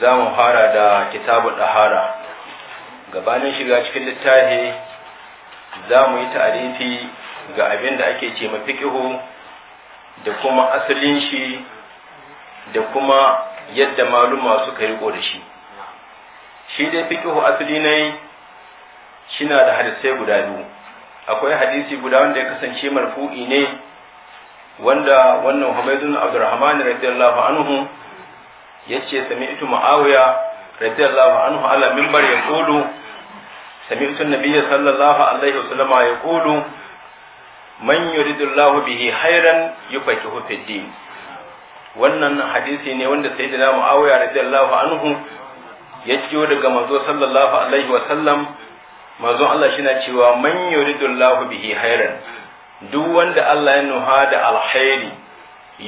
za mu fara da kitabun ɗahara gabanin shiga cikin littafi za mu yi ta'arifi ga abin da ake ce mafiƙihu da kuma asalin shi da kuma yadda maluma suka riko da shi shi dai fiƙihu asali ne shina da hadisai guda biyu akwai hadisi guda wanda ya kasance marfu'i ne wanda wannan Humaydun Abdurrahman radiyallahu anhu yace sami'tu muawiya radiyallahu anhu ala minbar yaqulu sami'tu an-nabiy sallallahu alaihi wasallam yaqulu man yuridullahu bihi khairan yufaqihu fid din wannan hadisi ne wanda sayyidina muawiya radiyallahu anhu ya ciwo daga manzo sallallahu alaihi wa sallam manzo Allah shi na cewa man yuridullahu bihi khairan duk wanda Allah ya nuha da alkhairi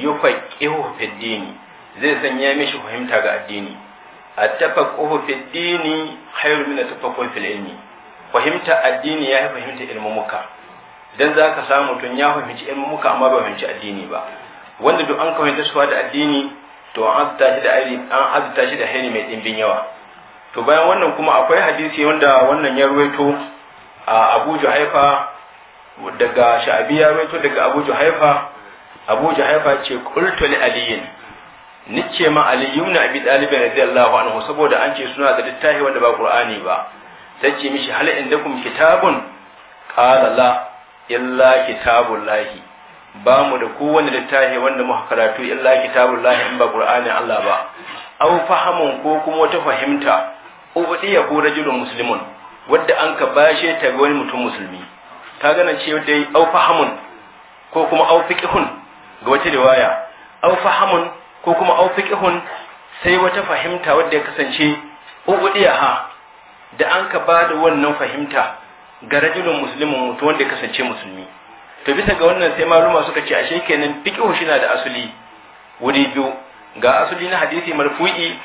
yufaqihu fid din. zai sanya mishi fahimta ga addini a tafaqquhu ƙofa dini khairu min at fil ilmi fahimta addini ya fahimta ilmumuka idan zaka samu tun ya fahimci ilmumuka amma ba fahimci addini ba wanda duk an fahimta suwa da addini to an azta shi da aini an shi da haini mai ɗimbin yawa to bayan wannan kuma akwai hadisi wanda wannan ya ruwaito a Abu Juhaifa daga Sha'abi ya ruwaito daga Abu Juhaifa Abu Juhaifa ce qultu li aliyin nice ma Ali ibn Abi Talib radiyallahu anhu saboda an ce suna da littafi wanda ba Qur'ani ba Sai ce mishi hal indakum kitabun qala la illa kitabullahi ba mu da kowane littafi wanda muka karatu illa kitabullahi in ba Qur'ani Allah ba aw fahamun ko kuma wata fahimta ya ko rajulun muslimun wadda an ka bashe ta ga wani mutum musulmi ka gana ce dai aw fahamun ko kuma aw fiqhun ga wata riwaya aw fahamun ko kuma au fiqhun sai wata fahimta wadda ya kasance ubudiyaha da an ka ba da wannan fahimta ga rajulun musulmin mutu wanda ya kasance musulmi to bisa ga wannan sai maluma suka ce ashe kenan fiqhu shi na da asali wuri biyu ga asali na hadisi marfu'i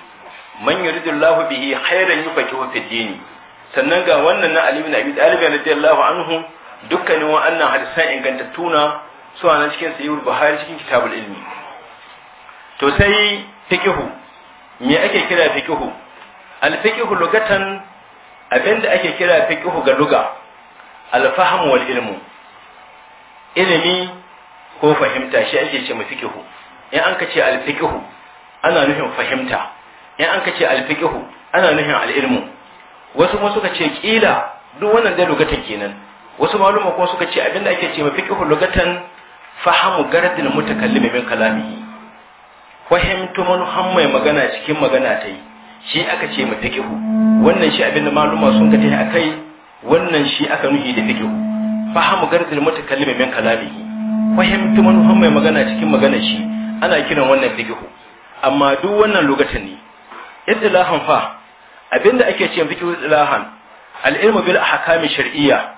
man yuridullahu bihi khairan yufaqihu fid din sannan ga wannan na Ali ibn Abi Talib radiyallahu anhu dukkanin wa'annan hadisan ingantattuna suna na cikin sayyid Buhari cikin kitabul ilmi to sai fikihu me ake kira fikihu al fiqihu lugatan abinda ake kira fikihu ga luga al fahm wal ilmu ilimi ko fahimta shi ake ce fikihu in an kace al fiqihu ana nufin fahimta in an kace al ana nufin al ilmu wasu kuma suka ce kila duk wannan dai lugatan kenan wasu maluma kuma suka ce abinda ake ce fikihu lugatan fahamu gardin mutakallimi min kalamihi fahimta han mai magana cikin magana ta yi shi aka ce mu fikihu wannan shi abinda maluma sun ka a akai wannan shi aka nuhi da fikihu fahimu garzil mutakallimi min kalamihi fahimta han mai magana cikin magana shi ana kiran wannan fikihu amma duk wannan lokacin ne idilahan fa abinda ake ce fikihu idilahan al-ilmu bil ahkami shar'iyya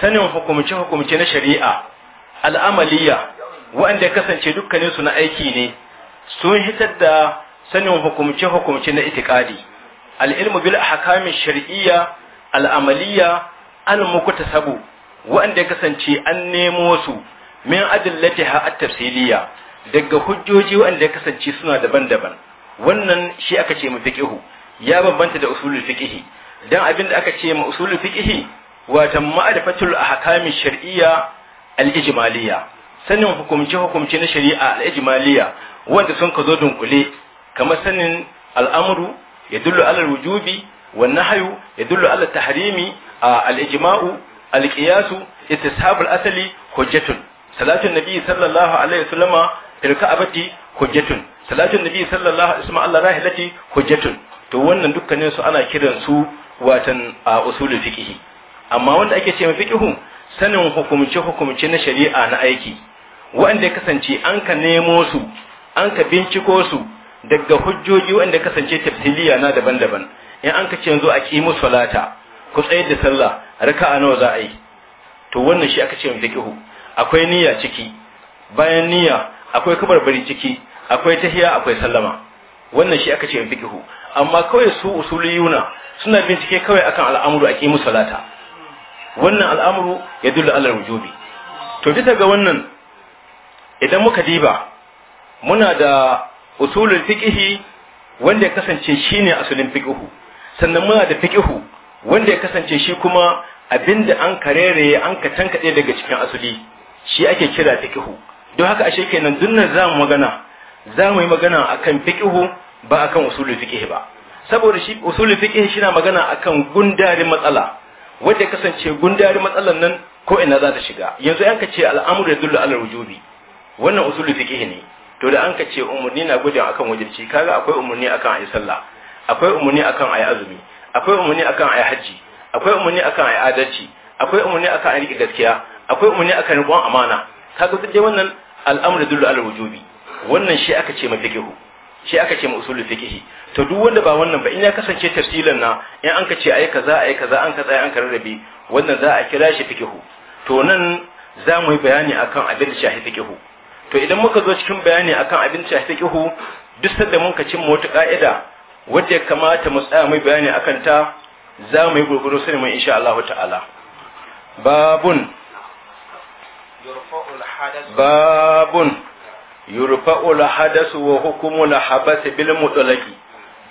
sanin hukumce hukumce na shari'a al'amaliya wa'anda kasance dukkaninsu na aiki ne sun hitar da sanin hukumce hukumce na itikadi al-ilmu bil ahkami shar'iyya al-amaliyya al-muktasabu wanda kasance an nemo su min adillatiha at-tafsiliyya daga hujjoji wanda kasance suna daban-daban wannan shi aka ce mu fiqihu ya bambanta da usulul fiqihi dan abin da aka ce mu usulul fiqihi wata ma'arifatul ahkami shar'iyya al-ijmaliyya sanin hukumce hukumce na shari'a al-ijmaliyya wanda sun ka zo dunkule kamar sanin al'amru ya dullu alal wujubi wa hayu ya dullu alal tahrimi a ijma'u alƙiyasu ita sabul asali hujjatun salatun nabi sallallahu alaihi wasallama tilka abati hujjatun salatun nabi sallallahu alaihi wasallam Allah rahilati hujjatun to wannan dukkanin su ana kiran su watan a usulul fiqhi amma wanda ake cewa fiqhu sanin hukumce hukumce na shari'a na aiki wanda ya kasance an ka nemo su an ka binciko su daga hujjoji wanda kasance tafsiliya na daban-daban in an ka ce yanzu a kimu salata ku tsayar da sallah raka'a nawa za a yi to wannan shi aka ce mu fiqhu akwai niyya ciki bayan niyya akwai kabarbari ciki akwai tahiya akwai sallama wannan shi aka ce mu fiqhu amma kawai su usuliyuna suna bincike kawai akan al'amuru a kimu salata wannan al'amuru ya dula alal wujubi to bisa ga wannan idan muka diba muna da usulul fiqhi wanda ya kasance shine asulin fiqhu sannan muna da fiqhu wanda ya kasance shi kuma abinda an karere an ka tankade daga cikin asuli shi ake kira fiqhu don haka ashe kenan dunnan za mu magana za mu yi magana akan fiqhu ba akan usulul fiqhi ba saboda shi usulul fiqhi shi na magana akan gundarin matsala wanda ya kasance gundarin matsalan nan ko ina za ta shiga yanzu an ka ce al'amru yadullu ala wujubi wannan usulul fiqhi ne to da an ka ce umarni na gudun akan wajirci kaga akwai umarni akan ayi sallah akwai umarni akan ayi azumi akwai umarni akan ayi hajji akwai umarni akan ayi adalci akwai umarni akan ayi riƙe gaskiya akwai umarni akan riƙon amana kaga duk dai wannan al'amru dullu al wujubi wannan shi aka ce ma fiqhu shi aka ce ma usulul fiqhi to duk wanda ba wannan ba in ya kasance tafsilan na in an ka ce ayi kaza ayi kaza an ka tsaya an ka rarrabe wannan za a kira shi fiqhu to nan za mu yi bayani akan abin da shahi fiqhu to idan muka zo cikin bayani akan abinci a fiqhu duk sanda ka cin wata ka'ida wadda ya kamata mu tsaya mai bayani akan ta za mu yi gurguru sai mu insha Allah ta'ala babun babun yurfa'u wa hukumu al-habas bil mutalaki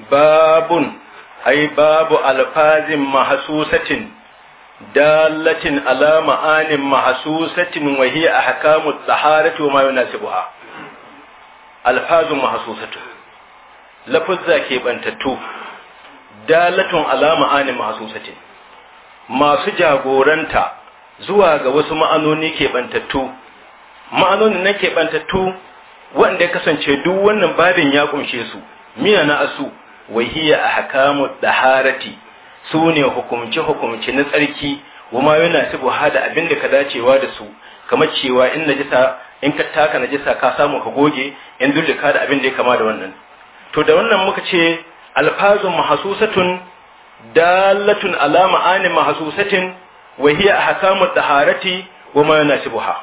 babun ay babu alfazin mahsusatin dalatin ala ma'anin mahsusatin wa hiya ahkamut taharatu wa ma yunasibuha alfazun mahsusatu lafuzza zake bantattu dalatun ala ma'anin mahsusatin masu jagoranta zuwa ga wasu ma'anoni ke bantattu ma'anonin na ke bantattu wanda ya kasance duk wannan babin ya kunshe su miyana na asu wa hiya ahkamut taharati su ne hukumce-hukumce na tsarki kuma yana ci da abin da ka dacewa da su kamar cewa in najisa in ka taka najisa ka samu ka goge in dullika da abin da ya kama da wannan to da wannan muka ce alfazun mahasusatun dalatun ala ma'ani mahasusatin wa hiya ahkamu taharati wa ma yanasibuha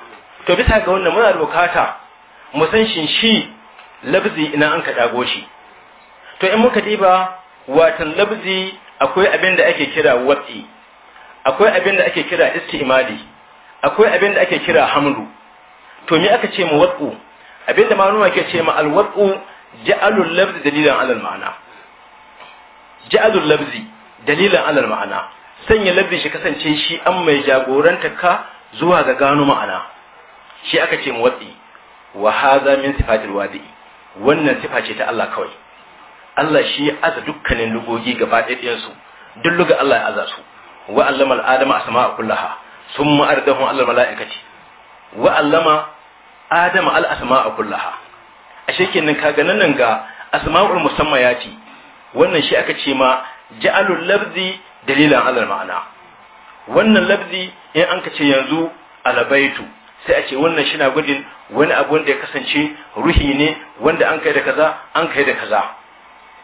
to bisa ga wannan muna da bukata mu san shin shi labzi ina an ka dago shi to in muka diba watan labzi akwai abin da ake kira watsi akwai abin da ake kira istimali akwai abin da ake kira hamlu to me aka ce mu watsu abin da manuma ke ce ma alwatsu ja'alul lafzi dalilan alal ma'ana ja'alul lafzi dalilan alal ma'ana sanya lafzi shi kasance shi an mai jagoranta ka zuwa ga gano ma'ana shi aka ce mu watsi wa hadha min sifatil wadi wannan sifa ce ta Allah kawai Allah shi ya aza dukkanin lugogi gaba ɗayan su duk luga Allah ya aza su wa allama al-adama asma'a kullaha summa ardahu Allah mala'ikati wa allama adama al-asma'a kullaha ashe kenan kaga nan nan ga asma'ul musammayati wannan shi aka ce ma ja'alul labzi dalilan alal ma'ana wannan labzi in an ka ce yanzu alabaitu sai a ce wannan shi na gudun wani abu wanda ya kasance ruhi ne wanda an kai da kaza an kai da kaza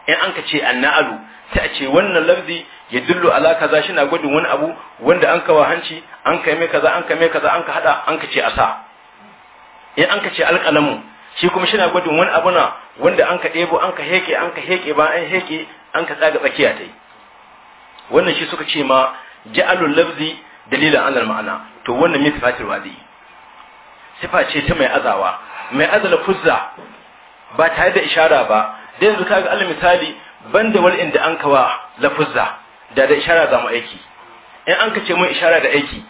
in an ka ce anna'alu sai a ce wannan lafzi ya dullu ala kaza shi na gwadin wani abu wanda an kawa hanci an ka mai kaza an ka mai kaza an ka hada an ka ce asa in an ka ce alƙalamu shi kuma shi na gwadin wani abu na wanda an ka ɗebo an ka heke an ka heke ba an heke an ka tsaga tsakiya ta yi wannan shi suka ce ma ja'alul lafzi dalilan ala ma'ana to wannan mai sifatir wadi sifa ce ta mai azawa mai azala fuzza ba tare da ishara ba da yanzu kaga alal misali banda wal inda an kawa lafuzza da da ishara za mu aiki in an kace mun ishara da aiki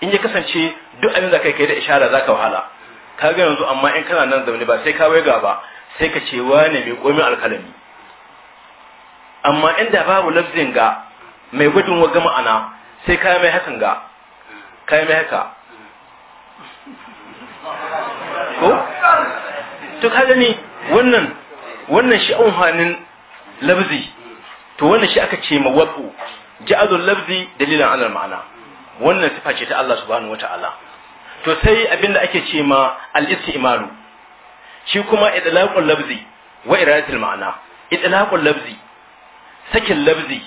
in ya kasance duk abin da kai kai da ishara zaka wahala kaga yanzu amma in kana nan zaune ba sai ka waiga ba sai ka ce wane mai komin alkalami amma inda babu lafzin ga mai gudun wa gama ana sai kayan mai hakan ga kayan mai haka ko to kaga ni wannan wannan shi amfanin labzi to wannan shi aka ce mawabu ja'alul labzi dalilan alal ma'ana wannan sifa ce ta Allah subhanahu wata'ala to sai abinda ake ce ma al-istimalu shi kuma idlaqul labzi wa iradatul ma'ana idlaqul labzi sakin labzi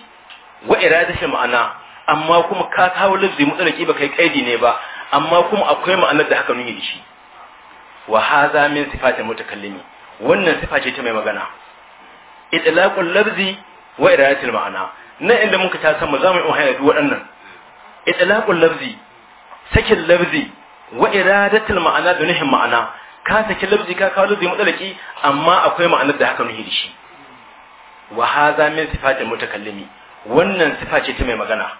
wa iradatul ma'ana amma kuma ka kawo labzi mutsalaki ba kai kaidi ne ba amma kuma akwai ma'anar da haka nuni da shi wa hadha min sifatil mutakallimi wannan sifa ce ta mai magana itlaqul labzi wa iradatul ma'ana nan inda muka ta san mu zamu yi hayatu waɗannan itlaqul labzi sakin labzi wa iradatul ma'ana da nuhin ma'ana ka saki labzi ka kawo labzi mutsalaki amma akwai ma'anar da haka nuhi da shi wa hadha min sifatil mutakallimi wannan sifa ce ta mai magana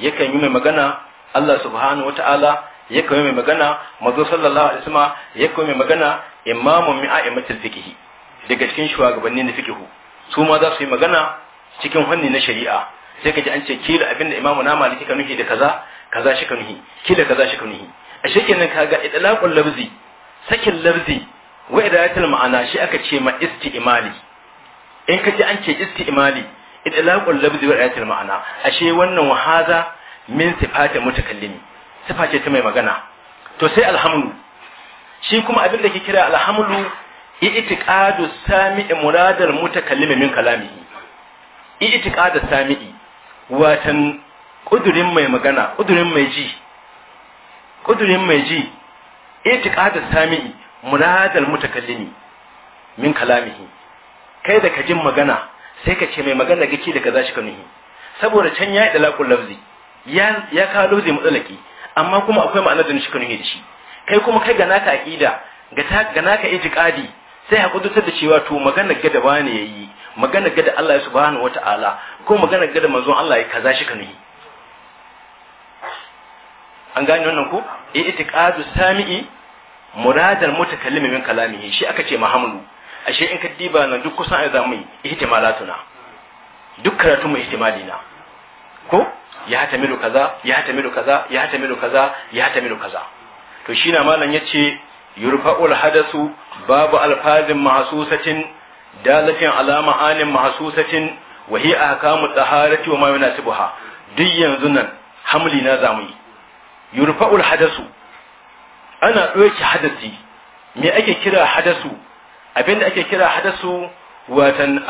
yakan yi mai magana Allah subhanahu wata'ala yakan yi mai magana mazo sallallahu alaihi wasallam yakan yi mai magana imamun min a'immatil fiqh daga cikin shugabanni na fiqh su ma za su yi magana cikin fanni na shari'a sai ka ji an ce kila abinda imamu na maliki ka nuhi da kaza kaza shi ka nuhi kila kaza shi ka nuhi a shekenan kaga idlaqul lafzi sakin lafzi wa idayatul ma'ana shi aka ce ma isti'mali in ka ji an ce isti'mali idlaqul lafzi wa idayatul ma'ana ashe wannan wahaza min sifati mutakallimi sifa ce ta mai magana to sai alhamdu shi kuma abin da ke kira alhamlu i'tiqadu sami'i muradar mutakallimi min kalamihi i'tiqadu sami'i watan kudurin mai magana kudurin mai ji kudurin mai ji i'tiqadu sami'i muradar mutakallimi min kalamihi kai da jin magana sai ka ce mai magana gaki da kaza shi ka nuhi saboda can ya yi dalakun lafzi ya kawo lafzi matsalaki amma kuma akwai ma'anar da shi ka nuhi da shi kai kuma kai ga naka aqida ga naka itiqadi sai ha kudutar da cewa to magana ga da bane yayi magana ga da Allah subhanahu wataala ko magana ga da manzon Allah ya kaza shi ka an gane wannan ko itiqadu sami'i muradar mutakallimi min kalamihi shi aka ce mahamlu ashe in ka diba nan duk kusan ai zamu ihtimalatuna duk karatu mu ihtimali na ko ya tamilu kaza ya tamilu kaza ya tamilu kaza ya tamilu kaza to shi na malam ya ce yurfa'ul hadasu babu alfazin mahasusatin dalatin alama anin mahasusatin wahi a ahkamu taharati wa su buha duk yanzu nan hamli na zamu yi yurfa'ul hadasu ana ɗauki hadasi me ake kira hadasu abinda ake kira hadasu watan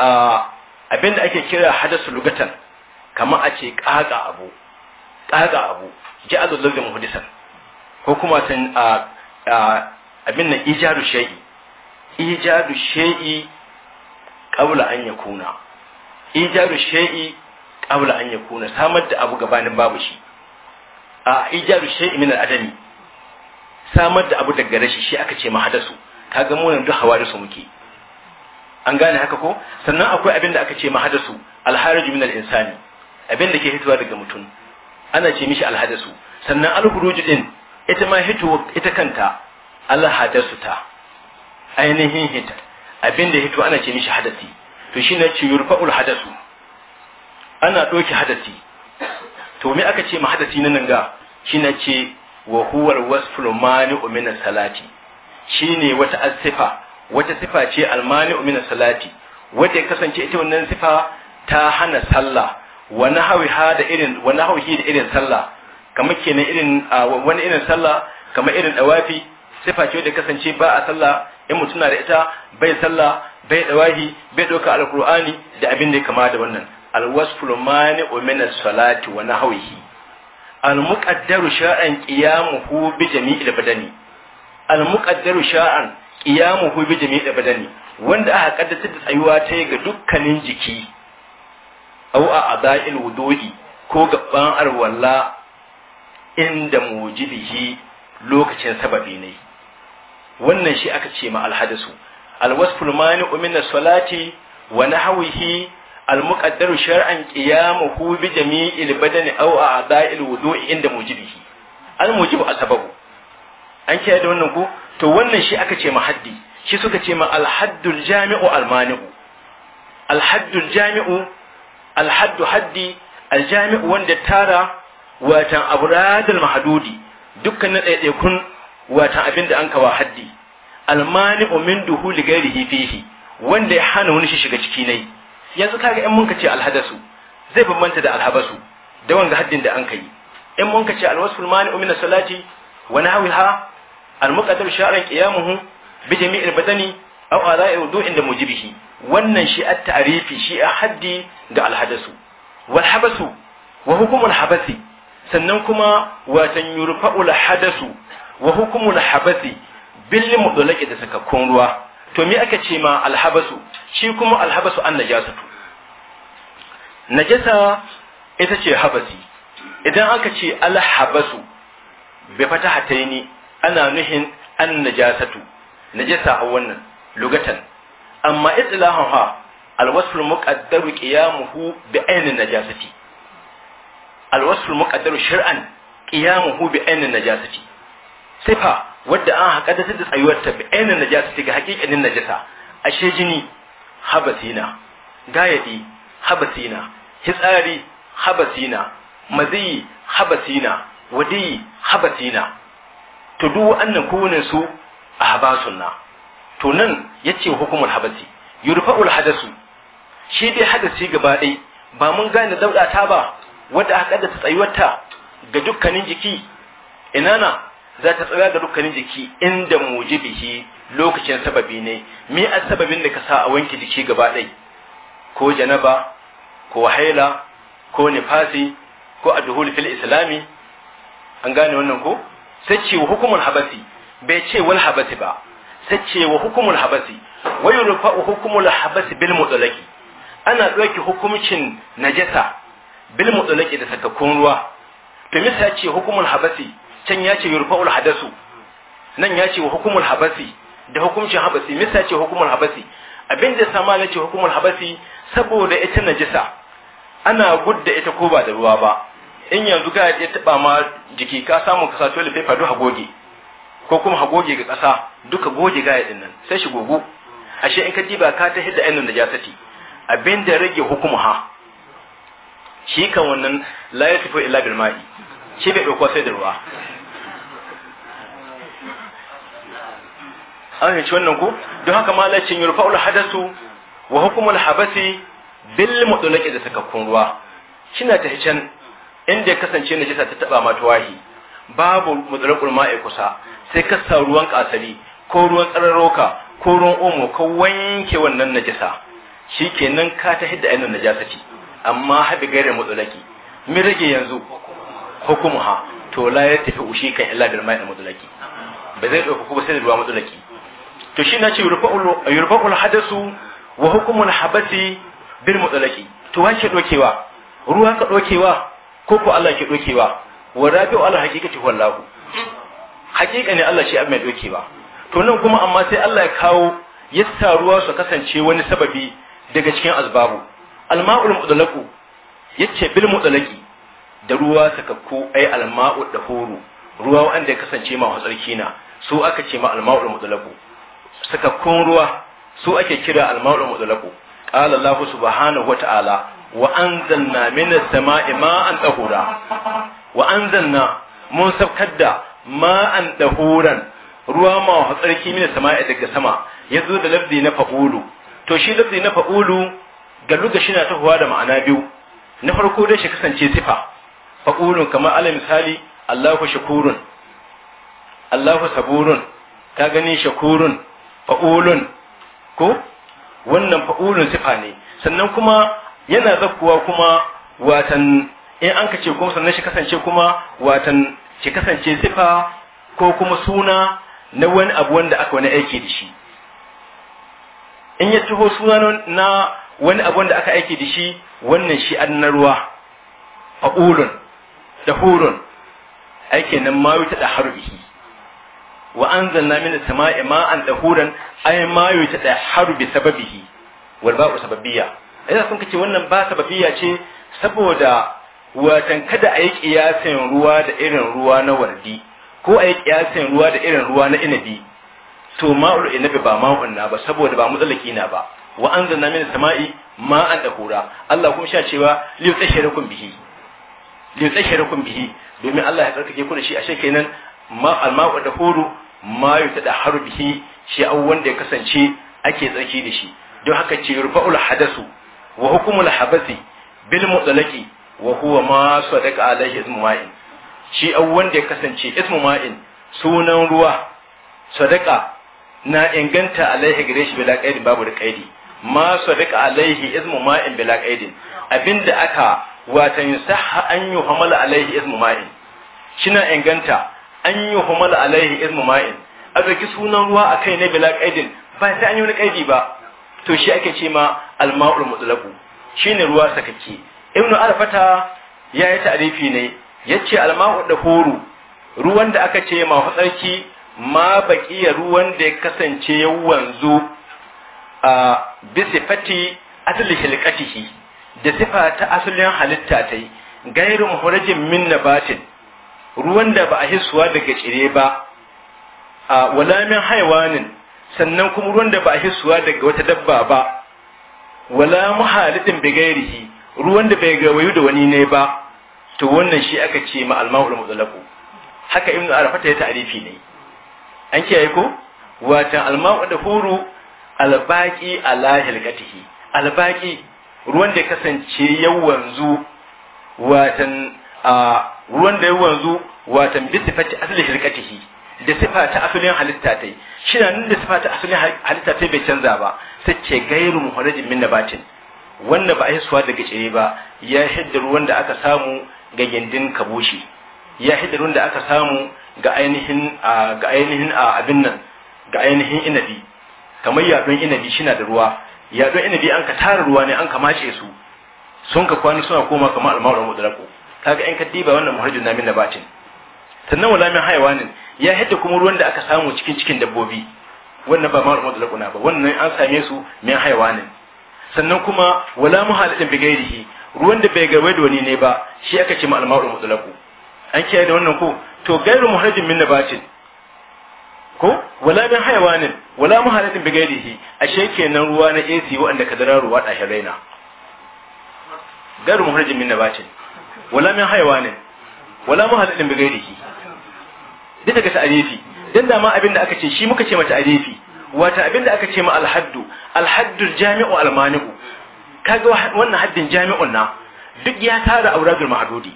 abinda ake kira hadasu lugatan kamar a ce ƙaƙa abu ƙaƙa abu a lazim hudisan ko kuma tan abin nan ijadu shay'i ijadu shay'i qabla an yakuna ijadu shay'i qabla an yakuna samar da abu gabanin babu shi a ijadu shay'i min al-adami samar da abu daga rashi shi aka ce mahadasu kaga mu nan duk hawarisu muke an gane haka ko sannan akwai abin da aka ce mahadasu alharaju min al-insani abin da ke fitowa daga mutum ana ce mishi alhadasu sannan alhuruju din ita ma hito ita kanta Allah su ta ainihin hita abinda hito ana ce mishi hadasi to shi ne ce yurfa'ul hadasu ana ɗauki hadasi to me aka ce ma hadasi nan ga shi ne ce wa huwar wasful mani'u min salati shine wata asifa wata sifa ce almani'u min salati wata ya kasance ita wannan sifa ta hana sallah wa nahawi da irin wa nahawi da irin sallah kamar kenan irin wani irin sallah kamar irin dawafi sifa da kasance ba a sallah in mutum na da ita bai sallah bai dawahi bai dauka alqur'ani da abin da kama da wannan alwasful mani'u min as-salati wa nahwihi al-muqaddaru sha'an qiyamuhu bi jami'il badani al-muqaddaru sha'an qiyamuhu bi jami'il badani wanda aka kaddace da tsayuwa ta ga dukkanin jiki au a ada'il wudu'i ko gaban arwalla inda mujibihi lokacin sababi ne wannan shi aka ce ma alhadisu alwasful mani min salati wa nahwihi shar'an qiyamuhu bi بجميع البدن aw اعضاء wudu'i inda mujibihi almujibu asbabu an kiyaye da wannan ku to wannan shi aka ce ma haddi shi suka ce ma alhaddul jami'u almani'u alhaddul jami'u alhaddu haddi aljami'u wanda tara watan abradul mahdudi dukkanin ɗaiɗaikun watan abin da an kawa haddi almani umin duhu ligairihi fihi wanda ya hana wani shi shiga ciki nai yanzu kaga in mun ce alhadasu zai bambanta da alhabasu da wanga haddin da an kai in mun ce alwasful mani umin salati wa nahwiha almuqaddam sha'ran qiyamuhu bi jami'il badani aw ala'i wudu'in da mujibihi wannan shi at-ta'rifi shi a haddi ga alhadasu wal habasu wa hukumul habasi sannan kuma watan yurfa'ul hadasu wa hukumul habasi bil mudlaqi da sakakkun ruwa to me aka ce ma alhabasu shi kuma alhabasu an najasatu najasa ita ce habasi idan aka ce alhabasu bai fata hataini ana nuhin an najasatu najasa a wannan lugatan amma itlahun ha alwasful muqaddaru qiyamuhu bi ayni najasati alwasu muqaddaru shar'an qiyamuhu bi ainin najasati sifa wadda an haƙaddata da tsayuwar ta bi ainin najasati ga haƙiƙanin najasa ashe jini habasina gayadi habasina hitsari habasina maziyi habasina wadiyi habasina to duk wannan kowane su a habasunna to nan yace hukumul habasi yurfa'ul hadasu shi dai hadasi gaba ɗai ba mun gane dauɗa ta ba wadda aka da tsayuwarta ga dukkanin jiki ina na za ta tsaya ga dukkanin jiki inda mujibihi lokacin sababi ne me a sababin da ka sa a wanke jiki gaba ɗai ko janaba ko haila ko nifasi ko adhul fil islami an gane wannan ko sai ce wa hukumul habasi bai ce wal habasi ba sai ce wa hukumul habasi wa yurfa hukumul habasi bil mutlaqi ana ɗauki hukumcin najasa bil mutlaqi da sakakkun ruwa to misa ce hukumul habasi can ya ce yurfa'ul hadasu nan ya ce hukumul habasi da hukuncin habasi misa ce hukumul habasi abin da sama na ce hukumul habasi saboda ita najisa ana gudda ita ko ba da ruwa ba in yanzu ka ya taba ma jiki ka samu ka sato life duka goge. ko kuma hagoge ga kasa duka goge ga yadin nan sai shi gogo ashe in ka diba ka ta hidda ainin najasati abin da rage hukumu shi kan wannan la ya tafi illa bil ma'i shi bai dauko sai da ruwa an fahimci wannan ku? don haka ma malacin yurfa'ul hadasu wa hukumul habasi bil mudulaki da sakakkun ruwa kina ta hican inda ya kasance na jisa ta taba ma tuwahi babu mudulakul ma'i kusa sai ka sa ruwan kasari ko ruwan tsararoka ko ruwan omo ka wanke wannan shi shikenan ka ta hidda ainihin najasaci amma haɗi gaira matsalaki min rage yanzu hukumu ha to la ya tafi ushi kan illa da ma'il matsalaki ba zai ɗauka kuma sai da ruwa matsalaki. to shi na ce yurfa'ul hadasu wa hukumul habasi bil matsalaki. to wa ke ɗaukewa ruwa ka ɗaukewa ko ko Allah ke ɗaukewa wa rabi'u ala haqiqati wallahu haqiqa ne Allah shi mai ɗaukewa to nan kuma amma sai Allah ya kawo sa ruwa su kasance wani sababi daga cikin azbabu alma'ul mudalaku yace bil mudalaki da ruwa sakakku ai alma'u da horo ruwa wanda ya kasance ma hatsarki na su aka ce ma alma'ul mudalaku sakakkun ruwa su ake kira alma'ul mudalaku qala allah subhanahu wata'ala wa anzalna minas sama'i ma'an tahura wa anzalna mun saukar da ma'an tahuran ruwa ma tsarki minas sama'i daga sama yazo da labdi na fa'ulu to shi labdi na fa'ulu galluga shi na tahowa da ma'ana biyu na farko dai shi kasance sifa fa'ulun kamar ala misali Allahu shakurun Allahu saburun ka gani shakurun fa'ulun ko wannan fa'ulun sifa ne sannan kuma yana zakkuwa kuma watan in an ka ce kuma sannan shi kasance kuma watan shi kasance sifa ko kuma suna na wani abu wanda aka wani aiki da shi in ya taho suna na wani abu wanda aka aiki da shi wannan shi an na ruwa a ulun da hurun aike nan mayu ta da harbihi wa anzalna min as-sama'i ma'an dahuran ay mayu ta da harbi sababihi wal ba'u sababiyya ina sun kace wannan ba sababiyya ce saboda watan kada a yi kiyasin ruwa da irin ruwa na wardi ko a yi kiyasin ruwa da irin ruwa na inabi to ma'ul inabi ba ma'ul na ba saboda ba mutsalaki na ba wa anzalna min sama'i ma'an dahura Allah kuma sha cewa li yutashirakum bihi li bihi domin Allah ya tsarkake ku da shi ashe kenan ma al-ma'u da huru ma yutadaharu bihi shi abu wanda ya kasance ake tsarki da shi don haka ce rufa'ul hadasu wa hukumul habasi bil mutlaqi wa huwa ma sadaqa alayhi ismu ma'in shi abu wanda ya kasance ismu ma'in sunan ruwa sadaka na inganta alaihi gare shi bila kaidi babu da kaidi ma rika alaihi ismu ma'in bila qaidin abinda aka yin sahha an yi hamala alaihi ismu ma'in kina inganta an yi hamala alaihi ismu ma'in a zaki sunan ruwa a kai na bila qaidin ba ta an yi wani qaidi ba to shi ake ce ma alma'ul mutlaqu shine ruwa sakake ibnu arfata ya yi ta'rifi ne yace alma'u da horu ruwan da aka ce ma tsarki ma baƙiya ruwan da ya kasance yau wanzu bi sifati asli hilqatihi da sifa ta asalin halitta ta yi gairu muhrajin min nabatin ruwan da ba a hisuwa daga cire ba a wala min haiwanin sannan kuma ruwan da ba a hisuwa daga wata dabba ba wala muhalidin bi gairihi ruwan da bai gawayu da wani ne ba to wannan shi aka ce ma almahul mutlaqu haka ibnu arfata ya ta'rifi ne an kiyaye ko watan almahul da huru albaki ala hilgatihi albaki ruwan da kasance ya wanzu watan ruwan da yau wanzu watan bi sifati asli hilgatihi da sifa ta asalin halitta tai shi na nan da sifa ta asalin halitta tai bai canza ba sai ce gairu muharrajin min nabatin wanda ba a yi suwa daga cire ba ya hidda ruwan da aka samu ga gindin kabushi ya hidda ruwan da aka samu ga ainihin ga ainihin abin nan ga ainihin inabi kamar yadon inabi shi na da ruwa yadon inabi an ka tara ruwa ne an ka mace su sun ka kwani suna koma kamar almawar mudraku kaga in ka diba wannan muhajjin na min nabatin sannan wala min haiwanin ya hidda kuma ruwan da aka samu cikin cikin dabbobi wannan ba mawar mudraku na ba wannan an same su min haiwanin sannan kuma wala muhalidin bigairihi ruwan da bai garwaye da wani ne ba shi aka ce ma almawar mudraku an kiyaye da wannan ko to gairu muhajjin min nabatin ko wala min hayawanin wala muhalatin bi gairihi ashe kenan ruwa na AC wanda kadara ruwa da sharaina garu muhrijin min nabatin wala min hayawanin wala muhalatin bi gairihi duk daga ta'arifi dan da ma abin da aka ce shi muka ce mata ta'arifi wata abin da aka ce ma alhaddu alhaddul jami'u almaniku kaga wannan haddin jami'un na duk ya tara auradul mahdudi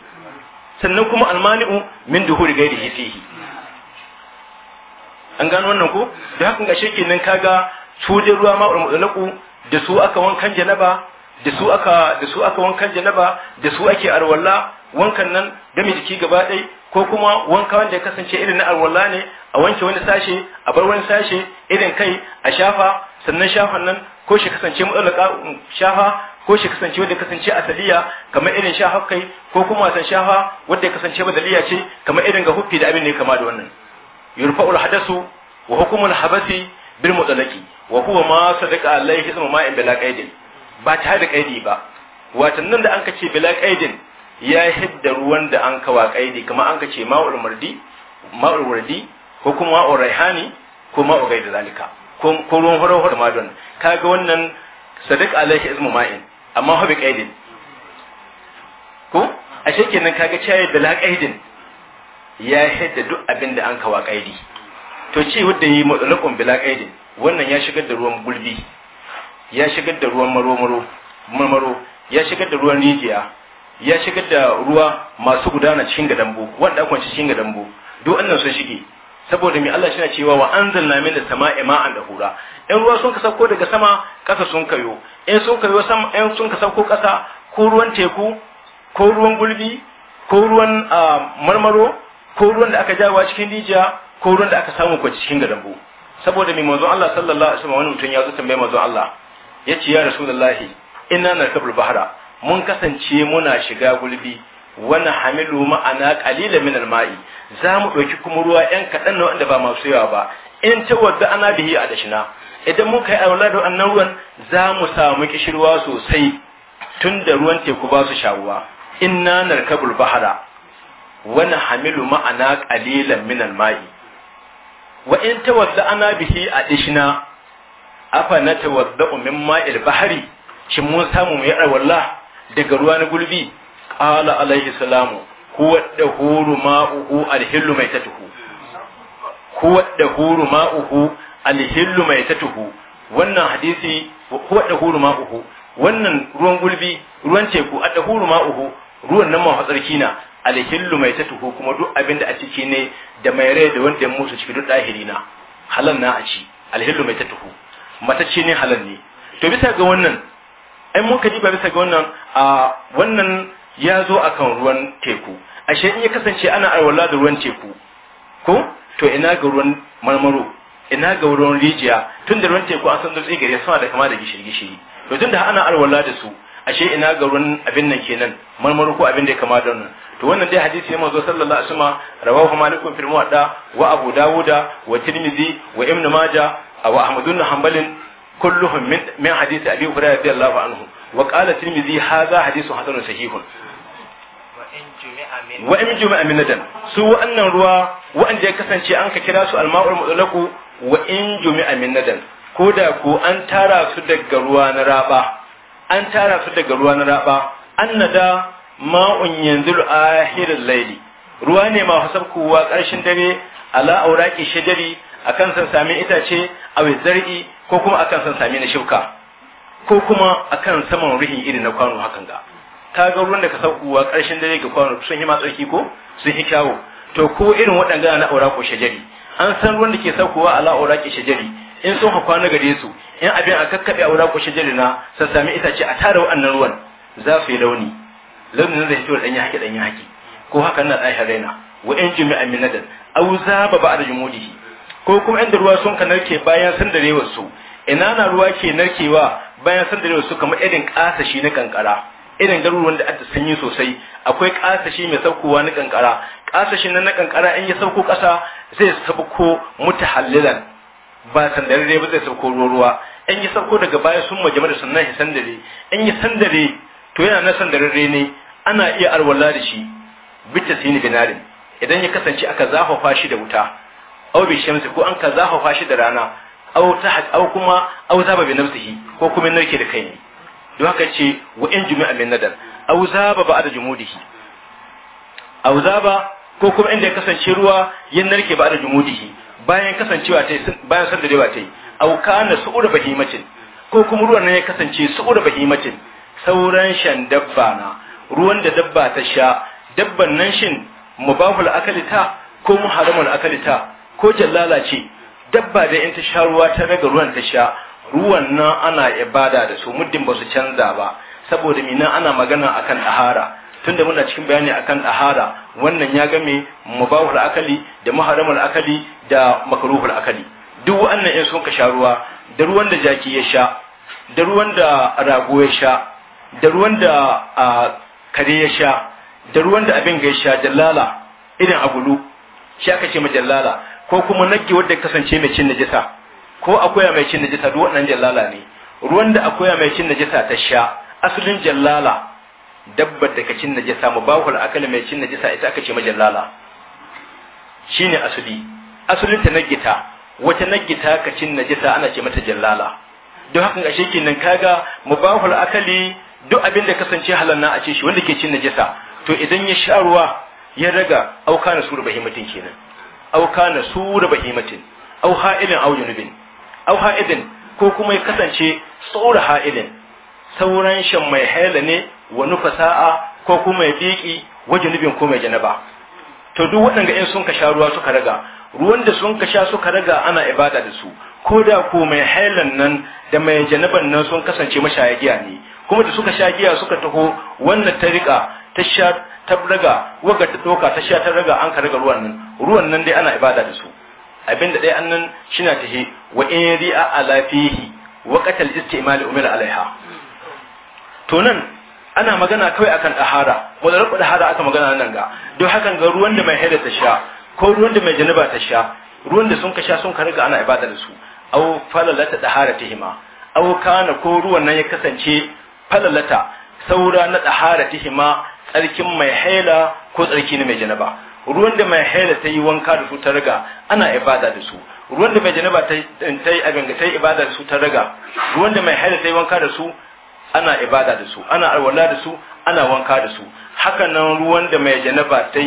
sannan kuma almani'u min duhuri gairihi fihi an gano wannan ko da hakan ga nan kaga su dai ruwa ma mutlaqu da su aka wankan janaba da su aka da su aka wankan janaba da su ake arwalla wankan nan game jiki gaba ɗaya ko kuma wanka wanda ya kasance irin na arwalla ne a wanke wani sashe a bar wani sashe irin kai a shafa sannan shafan nan ko shi kasance mutlaka um, shafa ko shi kasance wanda kasance asaliya kamar irin shafa kai ko kuma san shafa wanda kasance badaliya ce kamar irin ga huffi da abin ne kama da wannan yurfa'ul hadasu wa hukumul habasi bil mutalaqi wa huwa ma sadaqa alaihi ismu in bila qaidin ba tare da qaidi ba watan nan da anka ce bila qaidin ya hidda ruwan da an kawa qaidi kamar anka ce ma'ul mardi ma'ul wardi ko kuma ma'ul raihani ko ma'ul gaida zalika ko ruwan horo-horo ma don kaga wannan sadaqa alaihi ismu ma'in amma hobi qaidin ko ashe kenan kaga cewa bila qaidin ya hidda duk abin da an kawa kaidi to ce wadda yi matsalakon bila kaidi. wannan ya shigar da ruwan gulbi ya shigar da ruwan maromaro. ya shigar da ruwan rijiya ya shigar da ruwa masu gudana cikin ga dambu wanda akwai cikin ga dambu duk wannan sun shige saboda mai Allah shi na cewa wa anzalna min as-sama'i ma'an dahura in ruwa sun ka sauko daga sama kasa sun kayo in sun kayo sama in sun ka sauko kasa ko ruwan teku ko ruwan gulbi ko ruwan ah, marmaro ko ruwan da aka jawa cikin rijiya ko ruwan da aka samu ko cikin garambu saboda mai manzon Allah sallallahu alaihi wasallam wani mutum ya zo tambaye manzon Allah yace ya rasulullahi inna narkabul bahra mun kasance muna shiga gulbi wani hamilu ma'ana kalila min alma'i za mu ɗauki kuma ruwa yan kaɗan na wanda ba masu yawa ba in ta wadda ana bihi a dashina idan muka yi aula da wannan ruwan za mu samu kishirwa sosai tun da ruwan teku ba su shawuwa inna narkabul bahara wani hamilu ma'ana ƙalilan minal ma'i wa in tawadda ana bihi a ishina afa na tawadda min ma'il bahari shin mun samu mu yara wallah daga ruwa na gulbi ƙala alaihi salamu huwa huru ma'uhu alhillu mai tatuhu huwa huru ma'uhu alhillu mai tatuhu wannan hadisi huwa huru ma'uhu wannan ruwan gulbi ruwan teku a dahuru ma'uhu ruwan nan ma hatsarki na alhillu mai ta tuhu kuma duk abin da a ciki ne da mai rai da wanda ya musu ciki duk ɗahiri na halal na a ci alhillu mai ta tuhu matacce ne halal ne to bisa ga wannan ai mun kaji ba bisa ga wannan a wannan ya zo akan ruwan teku ashe in ya kasance ana alwala da ruwan teku ko to ina ga ruwan marmaro ina ga ruwan rijiya tun da ruwan teku an san dutse gari sama da kama da gishiri gishiri to tun da ana alwala da su ashe ina garin abin nan kenan marmaru ko abin da ya kama da wannan to wannan dai hadisi ya zo sallallahu alaihi wasallam rawahu malikun fil muwadda wa abu dawuda wa tirmidhi wa ibn majah wa ahmad ibn hanbal kulluhum min min hadisi abi hurairah radiyallahu anhu wa qala tirmidhi hadha hadithun hasanun sahihun wa in jumi'a min nadan su wa'annan ruwa wa'anda ya kasance an ka kira su alma'ul mudlaku wa in jumi'a min nadan ko da ko an tara su daga ruwa na raba an tara su daga ruwa na raba annada ma'un yanzu ahirin laili ruwa ne ma hasab kuwa ƙarshen dare ala auraki shajari akan san sami itace a wai zar'i ko kuma akan san sami na shuka ko kuma akan saman ruhin iri na kwano hakan ga ka ga ruwan da ka wa ƙarshen dare ga kwano sun yi tsarki ko sun yi kyawu to ko irin waɗanda na aura ko shajari an san ruwan da ke saukowa ala auraki shajari in sun ha gare su in abin a kakkaɓe a shi shajari na sami itace a tara wa'annan ruwan za su yi launi launin da fito da ɗanyen haƙi ɗanyen haƙi ko haka na ɗaya raina wa in jumi a minadar au za ba ba a da jumudihi ko kuma inda ruwa sun ka narke bayan rewar su ina na ruwa ke narkewa bayan rewar su kamar irin ƙasashi na kankara irin garuruwan da aka sanyi sosai akwai ƙasashi mai saukowa na kankara ƙasashin nan na kankara in ya sauko ƙasa zai sauko mutahallilan ba sandare ba zai sauko ruwa in yi sauko daga baya sun majama da sannan shi sandare in yi sandare to yana na sandararre ne ana iya arwala da shi bita sini binarin idan ya kasance aka zafafa shi da wuta aw bi shamsi ko an ka zafafa shi da rana aw ta aw kuma aw zaba bi nafsihi ko kuma nauke da kai ne don haka ce wa in jumi'a min nadar, aw zaba ba da jumudihi aw zaba ko kuma inda ya kasance ruwa yin narke ba da jumudihi bayan kasancewa ta bayan sandarewa ta yi au kana su'ura bahimacin ko kuma ruwan nan ya kasance su'ura bahimacin sauran shan dabba na ruwan da dabba ta sha dabban nan shin mubahul akalita ko muharramul akalita ko jallala ce dabba da in ta sha ruwa ta daga ruwan ta sha ruwan nan ana ibada da su muddin ba su canza ba saboda mina ana magana akan ɗahara tunda muna cikin bayani akan ɗahara wannan ya game mubahul akali da maharamar akali da makruhul akali duk wannan in sun ka sha ruwa da ruwan da jaki ya sha da ruwan da rago ya sha da ruwan da kare ya sha da ruwan da abin ya sha jallala irin agulu shi aka ce majallala ko kuma nagge wanda kasance mai cin najisa ko akwai mai cin najisa duk wannan jallala ne ruwan da akwai mai cin najisa ta sha asalin jallala dabbar da ka cin ba mubahul akal mai cin najisa ita aka ce majallala shine asuli asulin ta nagita wata nagita ka cin najisa ana ce mata jallala don haka ashe kenan kaga mubahul akali duk abin da kasance halanna a ce shi wanda ke cin najisa to idan ya sha ruwa ya raga auka na sura bahimatin kenan auka na sura bahimatin au ha'ilin au junubin au ha'ilin ko kuma ya kasance saura ha'ilin sauran shan mai haila ne wani fasa'a ko kuma ya diki wajenubin ko mai janaba to duk waɗanda in sun ka sha ruwa suka raga ruwan da sun ka sha suka raga ana ibada da su ko da ko mai hailan nan da mai janaban nan sun kasance mashaya giya ne kuma da suka sha giya suka taho wannan ta rika ta sha ta raga waga ta doka ta sha ta raga an ka raga ruwan nan ruwan nan dai ana ibada da su abin da dai annan shina ta wa in ri'a ala fihi wa qatal istimali umira alaiha to nan ana magana kawai akan ɗahara wanda rabu ɗahara aka magana nan ga don hakan ga ruwan da mai haida ta sha ko ruwan da mai janaba ta sha ruwan da sun ka sha sun ka riga ana ibada da su aw falalata ɗahara ta hima aw kana ko ruwan nan ya kasance falalata saura na ɗahara ta hima tsarkin mai haila ko tsarki na mai janaba ruwan da mai haila ta yi wanka da su ta riga ana ibada da su ruwan da mai janaba ta yi abin ta yi ibada da su ta riga ruwan da mai haila ta yi wanka da su ana ibada da su ana alwala da su ana wanka da su hakan nan ruwan da mai janaba ta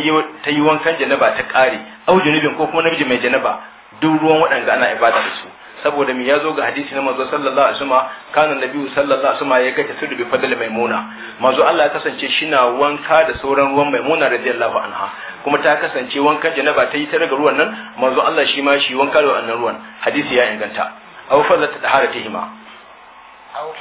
yi wankan janaba ta kare au junubin ko kuma namiji mai janaba duk ruwan waɗanda ana ibada da su saboda mi ya zo ga hadisi na manzo sallallahu alaihi wasallam kana nabi sallallahu alaihi wasallam ya ga ta tudu bi fadl maimuna manzo Allah ya kasance shina wanka da sauran ruwan maimuna radiyallahu anha kuma ta kasance wankan janaba ta yi ta daga ruwan nan manzo Allah shi ma shi wanka da wannan ruwan hadisi ya inganta aw ta taharatihima au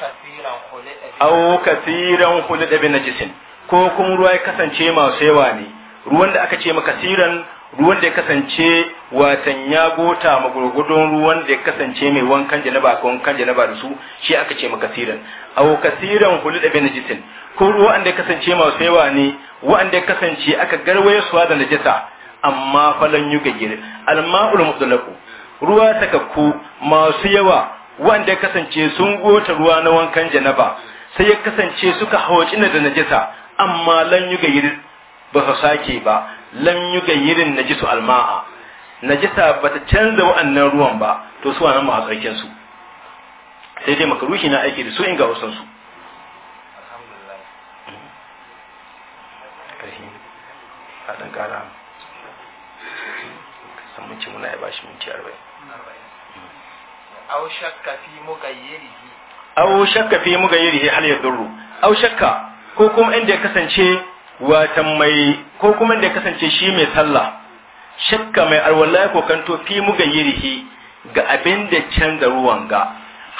kasiran hulida na najisin ko kun ruwa ya kasance masu yawa ne ruwan da aka ce ma kasiran, ruwan da ya kasance watan ya gota magurgudun ruwan da ya kasance mai wankan janaba ko wankan janaba da su shi aka ce ma kasiran. au kasiran hulida bi najisin ko ruwa da ya kasance masu yawa ne wa'anda ya kasance aka garwaye su da najisa amma falan yuga gir al-ma'ul mutlaqu ruwa takakku masu yawa wanda ya kasance sun gota ruwa na wankan janaba sai ya kasance suka hauci da najisa amma lan yuga yiri ba su sake ba lan yuga yirin najisu alma'a najisa ba ta canza wa'annan ruwan ba to su wannan ma a su sai dai makaruhi na aiki da su in ga wasan su a dan kara samun ci muna ya bashi minti arba'in aw shakka fi mughayyirihi aw shakka fi mughayyirihi hal yadurru aw shakka ko kuma inda ya kasance watan mai ko kuma inda ya kasance shi mai sallah shakka mai alwallahi ko kanto fi mughayyirihi ga abin da canza ruwan ga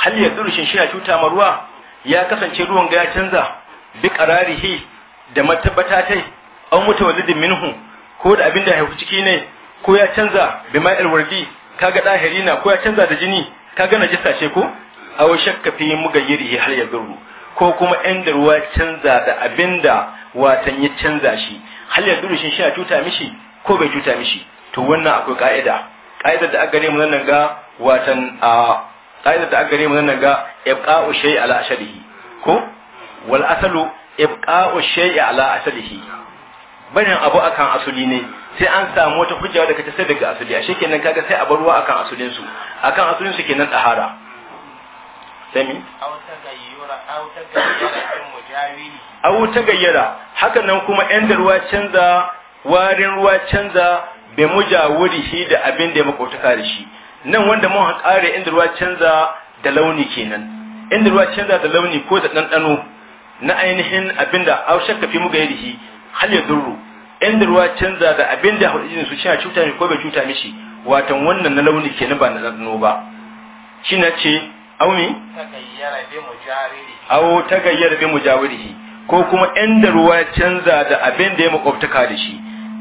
hal yadurru shin shi ya cuta ma ruwa ya kasance ruwan ga ya canza bi qararihi da matabbata tai aw mutawallidin minhu ko da abin da ya ciki ne ko ya canza bi ma'il wardi kaga dahiri na ko ya canza da jini Ka gana jista ce ko aw shakka fi mugayyirihi hal yadurru ko kuma in da ruwa canza da abinda watan ya canza shi hal yadurru shin shi cuta mishi ko bai cuta mishi to wannan akwai ka'ida ka'idar da aka gare mu nan ga watan a ka'idar da aka gare mu nan ga ibqa'u shay'a ala ashadihi ko wal asalu ibqa'u shay'a ala asalihi barin abu akan asuli ne sai an samu wata hujja da kace sai daga asuli ashe kenan kaga sai a bar ruwa akan asulin su akan asulin su kenan tahara sai mi aw ta gayyara haka nan kuma yan da ruwa canza warin ruwa canza bai mujawuri shi da abin da ya makotaka da shi nan wanda mun kare inda ruwa canza da launi kenan inda ruwa canza da launi ko da ɗanɗano na ainihin abin da aushe shakka fi mu shi hal ya duru, in da ruwa canza da abin da hudujin su shina cuta mishi ko bai cuta mishi watan wannan na launi kenan ba na zano ba shi na ce auni awo ta gayyara bi mujawirihi ko kuma in da ruwa ya canza da abin da ya makwabtaka da shi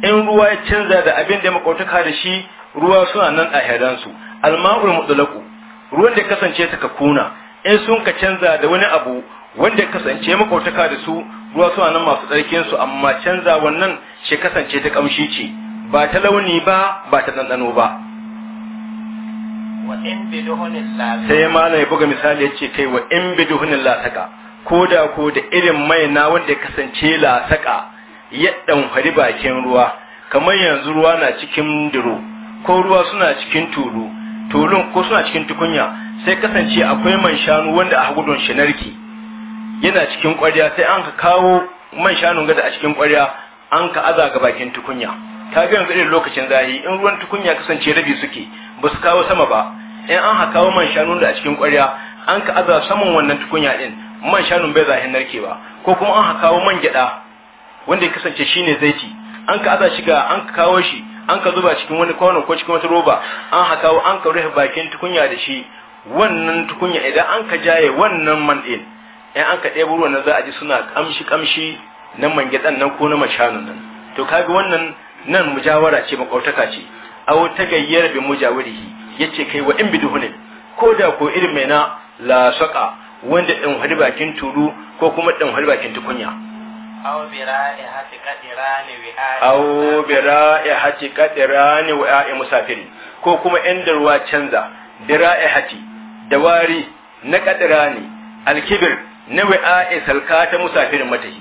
in ruwa ya canza da abin da ya makwabtaka da shi ruwa suna nan a su alma'ul mutlaqu ruwan da kasance ta kuna in sun ka canza da wani abu wanda kasance makwabtaka da su ruwa suna nan masu tsarkin su amma canza wannan shi kasance ta kamshi ce ba ta launi ba ba ta ɗanɗano ba sai malam buga misali ya ce kai wa in biduhunin lasaka ko da ko da irin mai na wanda ya kasance lasaka ya hari bakin ruwa kamar yanzu ruwa na cikin duro ko ruwa suna cikin tulu tulun ko suna cikin tukunya sai kasance akwai man shanu wanda a gudun shi narki yana cikin kwarya sai an ka kawo man shanu gada a cikin kwarya an ka aza ga bakin tukunya ta ga yanzu irin lokacin zahi in ruwan tukunya kasance rabi suke ba su kawo sama ba in an ha kawo man shanun da a cikin ƙwarya an ka aza saman wannan tukunya din man shanun bai zahin ba ko kuma an ha kawo man gyada wanda ya kasance shine zaiti an ka aza shiga an ka kawo shi an ka zuba cikin wani kwano ko cikin wata roba an ha kawo an ka rufe bakin tukunya da shi wannan tukunya idan an ka jaye wannan man din in an ka ɗebo ruwan nan za a ji suna kamshi kamshi na mangidan nan ko na mashanun nan to kaga wannan nan mujawara ce makwautaka ce aw ta gayyar bi ya ce kai wa in biduhune ko da ko irin mai na la wanda ɗin hali bakin turu ko kuma ɗin hali bakin tukunya awo bi ra'ihati hati wi'a'i aw wa ya'i musafiri ko kuma da ruwa canza bi ra'ihati da wari na qadirani alkibir na wa'a salka ta musafirin matahi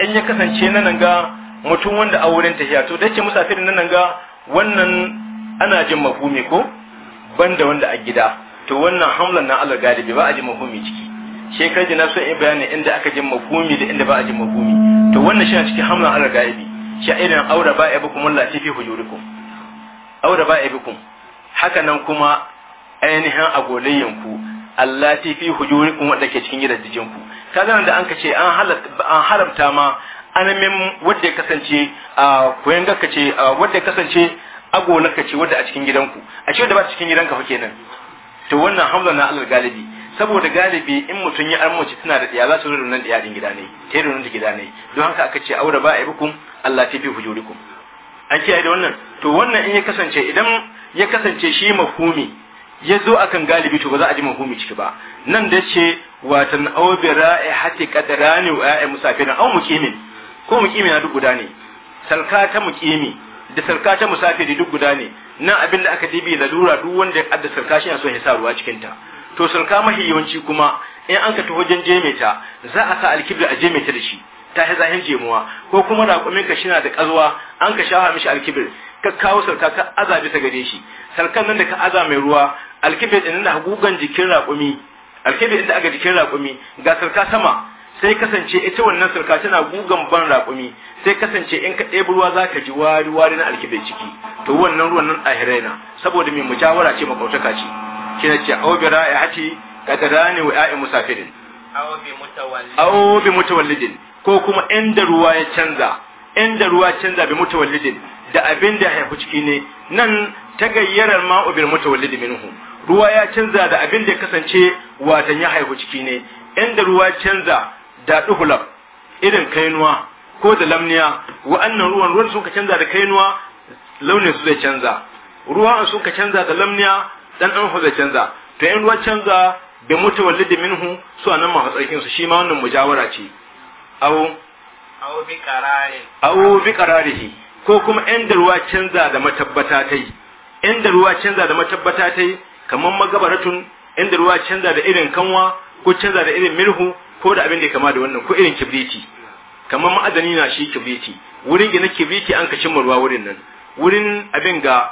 in ya kasance na nan ga mutum wanda a wurin tahiya to dace musafirin na nan ga wannan ana jin mafumi ko banda wanda a gida to wannan hamlan na Allah gadi ba a jin mafumi ciki shekar da na so in bayanin inda aka jin mafumi da inda ba a jin mafumi to wannan shi cikin hamlan Allah gadi shi irin aura ba ya bukum Allah fi hujurikum aura ba ya bukum haka nan kuma ainihin agolayyanku allati fi hujurikum wadda ke cikin gidajen ku kaga da an kace an an haramta ma anamin wadda ya kasance a koyan gaka ce wadda ya kasance na ce wadda a cikin gidanku a ce wadda ba cikin gidanka fa kenan to wannan hamza na alal galibi saboda galibi in mutun ya armace tana da za su runan da din gida ne ta runan da gida ne don haka aka ce aure ba a bikum Allah ta fi hujurikum an kiyaye da wannan to wannan in ya kasance idan ya kasance shi mafhumi ya zo akan galibi to ba za a ji mahumi ciki ba nan da ce watan aw hati kadara ne wa ya'i musafiri au muqimin ko muqimi na duk guda ne salka ta muqimi da salka ta musafiri duk guda ne nan abin da aka dibi lura duk wanda ya adda salka shi na son ya sa ruwa cikin ta to salka mafi yawanci kuma in an ka taho jan jemeta za a sa alkibir a jemeta da shi ta yi zahin jemuwa ko kuma raƙumin ka shina da ƙazuwa an ka shafa mishi alkibir ka kawo sarka ka aza bisa gare shi salkan nan da ka aza mai ruwa alkife din na gugan jikin raƙumi alkife din da aka jikin raƙumi ga sarka sama sai kasance ita wannan sarka tana gugan ban raƙumi sai kasance in ka ɗebi ruwa za ka ji wari wari na alkife ciki to wannan ruwan nan ahirai na saboda mai mujawara ce makautaka ce kina ce ya bi ra'ihati kadarani wa ya'i musafirin awo bi mutawallidin ko kuma inda ruwa ya canza inda ruwa canza bi mutawallidin da abin da haifu ciki ne nan ta gayyarar ma'ubir bil minhu ruwa ya canza da abin da ya kasance watan ya haihu ciki ne inda ruwa canza da duhulab irin kainuwa ko da lamniya wa'annan ruwan ruwan sun ka canza da kainuwa launin su zai canza ruwan sun ka canza da lamniya dan an zai canza to in ruwan canza da mutawallid minhu su anan ma tsarkin su shi ma wannan mujawara ce au au bi qarari au bi qararihi ko kuma inda ruwa canza da matabbata tai inda ruwa canza da matabbata tai kamar magabaratun inda ruwa canza da irin kanwa ko canza da irin mirhu ko da abin da ya kama da wannan ko irin kibriti kamar ma'adani na shi kibriti wurin gina kibriti an ka cimma ruwa wurin nan wurin abin ga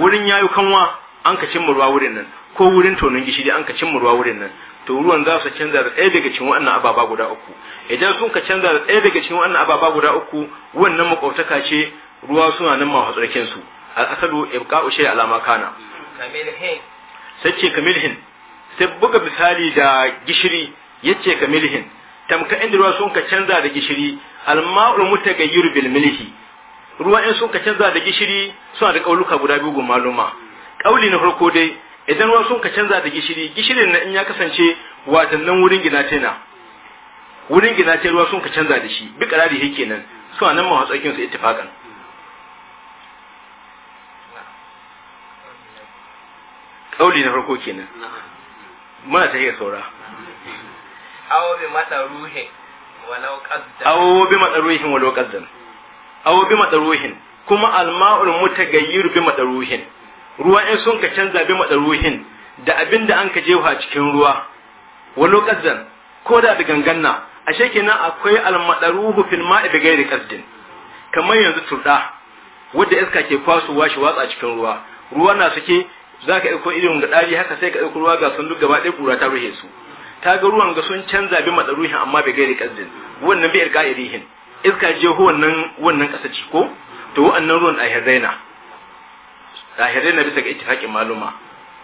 wurin yayu kanwa an ka cimma ruwa wurin nan ko wurin tonon gishiri an ka cimma ruwa wurin nan to ruwan za su canza da ɗaya daga cikin wannan ababa guda uku idan sun ka canza da ɗaya daga cikin wannan ababa guda uku wannan makwautaka ce ruwa suna nan ma hatsarkin su al'asadu ibqa'u shay'a alama kana kamil ka milhin sai buga misali da gishiri ya ce ka milhin tamka inda ruwa sun ka canza da gishiri alma'ul mutaghayyir bil milhi ruwa in sun ka canza da gishiri suna da kauluka guda biyu gun maluma ƙauli na farko dai idan ruwa sun ka canza da gishiri gishirin na in ya kasance watannan wurin gina na wurin gina ruwa sun ka canza da shi bi karari ke nan suna nan ma hatsakin su ittifaqan kauli na farko kenan muna ta iya saura awo bi mata ruhin walau qaddan awo bi mata ruhin bi kuma alma'ul mutagayyir bi ruhin ruwa in sun ka canza bi mata ruhin da abinda an ka jefa cikin ruwa walau qaddan ko da da ganganna a shekina akwai almadaruhu fil ma'i bi gairi qasdin kamar yanzu turda wadda iska ke kwasuwa shi watsa cikin ruwa ruwa na suke za ka ɗauko irin da ɗari haka sai ka ɗauko ruwa ga sun duk gaba ɗaya ƙura ta ruhe su ta ga ruwan ga sun canza bi matsaruhin amma bai gairi ƙasdin wannan bi irka irihin iska hu, wannan wannan ƙasa ci ko to wannan ruwan ɗahirai na ɗahirai na bisa ga ittifaƙin maluma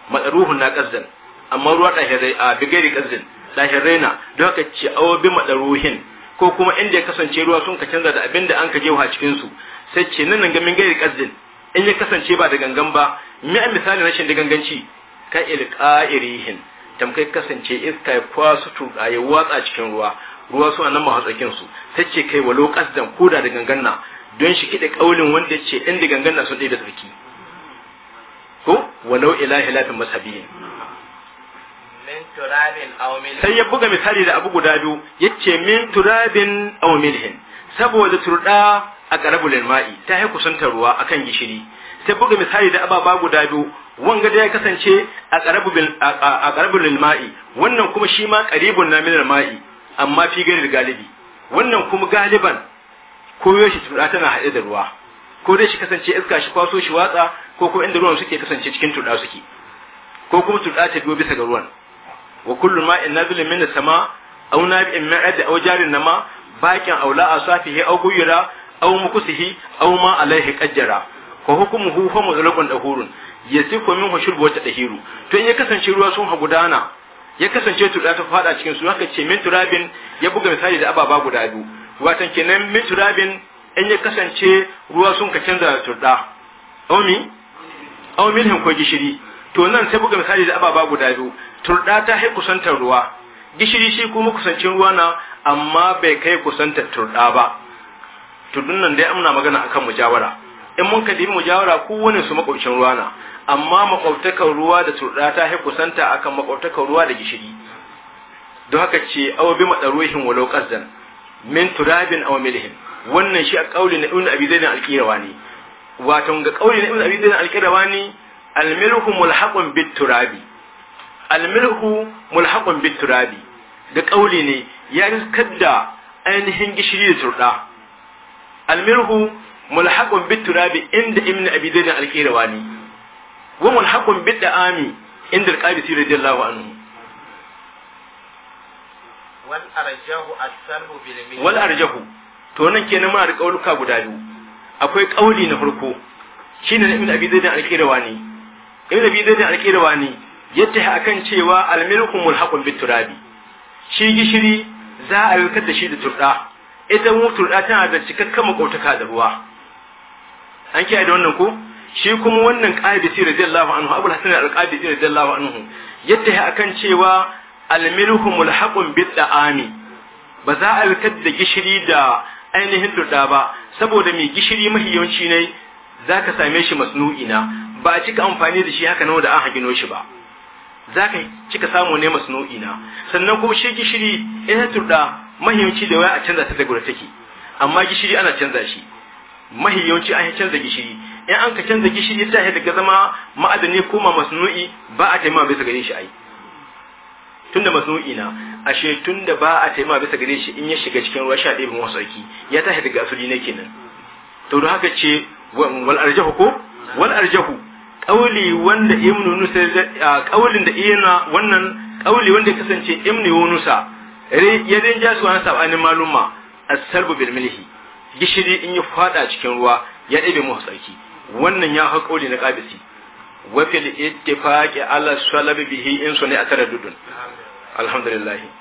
matsaruhun na ƙasdin amma ruwa ɗahirai a bi gairi ƙasdin da na don haka ci awo bi matsaruhin ko kuma inda ya kasance ruwa sun ka canza da abin da an ka jewa a cikinsu sai ce nan ga min gairi ƙasdin in ya kasance ba da gangan ba mi a misali rashin da ganganci ka ilqa'irihin tamkai kasance iska ya kwasu tuka ya watsa cikin ruwa ruwa su nan hatsakin su tace kai walau qasdan koda da ganganna don shi kide kaulin wanda yace in da ganganna sun da tsarki ko walau ilahi lafin mashabiyin sai ya buga misali da abu guda biyu yace min turabin aw milhin saboda turda a lil ma'i ta yi kusantar ruwa akan gishiri sai buga misali da ababa guda biyu wanga da ya kasance a lil ma'i wannan kuma shi ma qaribun na min ma'i amma fi gari galibi wannan kuma galiban koyo shi tura tana haɗe da ruwa ko dai shi kasance iska shi kwaso shi watsa ko kuma inda ruwan suke kasance cikin tuɗa suke ko kuma tuɗa ta biyo bisa ga ruwan wa kullu ma'in nazilin min sama aw nabi'in da au aw jarin nama baqin aula a asafihi aw guyra aw mukusihi aw ma alaihi qajjara hukumu hu fa mudlaqun dahurun ko min hushur wata dahiru to in ya kasance ruwa sun gudana ya kasance da ta fada cikin su haka ce min turabin ya buga misali da ababa guda biyu watan kenan min turabin in ya kasance ruwa sun ka canza turda aw mi hin ko gishiri to nan sai buga misali da ababa guda biyu turda ta hai kusantar ruwa gishiri shi kuma kusancin ruwa na amma bai kai kusantar turda ba to nan dai amna magana akan mujawara in mun ka dibi mujawara ko wani su makaucin ruwa na amma makwabtakan ruwa da turda ta hi kusanta akan makwabtakan ruwa da gishiri don haka ce aw bi madaruhin walau qazzan min turabin aw milhin wannan shi a kauli na ibn abi zaid al-qirawani wato ga kauli na ibn abi zaid al-qirawani al-milhu mulhaqun bit turabi al-milhu mulhaqun bit turabi da kauli ne ya kadda ainihin gishiri da turda almirhu mulhaqun bit turabi inda ibn abi zaid al-qirawani wa mulhaqun bid da'ami inda al-qadisi radiyallahu anhu wal arjahu as-salbu bil wal arjahu to nan kenan muna da kauluka guda biyu akwai kauli na farko shine ibn abi zaid al-qirawani ibn abi zaid al-qirawani yatta akan cewa al-milku mulhaqun bit turabi shi gishiri za a yi da shi da turda ita mu turɗa tana da cikakken makautaka da ruwa an kiyaye da wannan ko shi kuma wannan qadisi radiyallahu anhu abul hasan al radiyallahu anhu yadda ya akan cewa al-milhu mulhaqun bid da'ami ba za a ritar da gishiri da ainihin turɗa ba saboda mai gishiri yawanci ne zaka same shi masnu'i na ba a cika amfani da shi haka nawa da an hagino shi ba za cika samu ne masnu'i na sannan kuma shi gishiri ita turɗa mahimmanci da waya a canza ta daga take amma gishiri ana canza shi mahimmanci an canza gishiri in an ka canza gishiri ta daga zama ma'adani ko ma masnu'i ba a taimaka bisa gare shi ai tunda masnu'i na ashe tunda ba a taimaka bisa gare shi in ya shiga cikin ruwa sha ɗaya wasu ya ya tashi daga asali ne kenan to don haka ce wal arjahu ko wal arjahu kauli wanda ibnu nusa kaulin da iyana wannan kauli wanda kasance ibnu nusa. yadin ja su wani sabanin malumma a sarbu bil gishiri in ya fada cikin ruwa ya ɗebe mu tsarki wannan ya haƙoli na qabisi wa fil ittifaqi ala salabi bihi in sunni ataraddudun alhamdulillah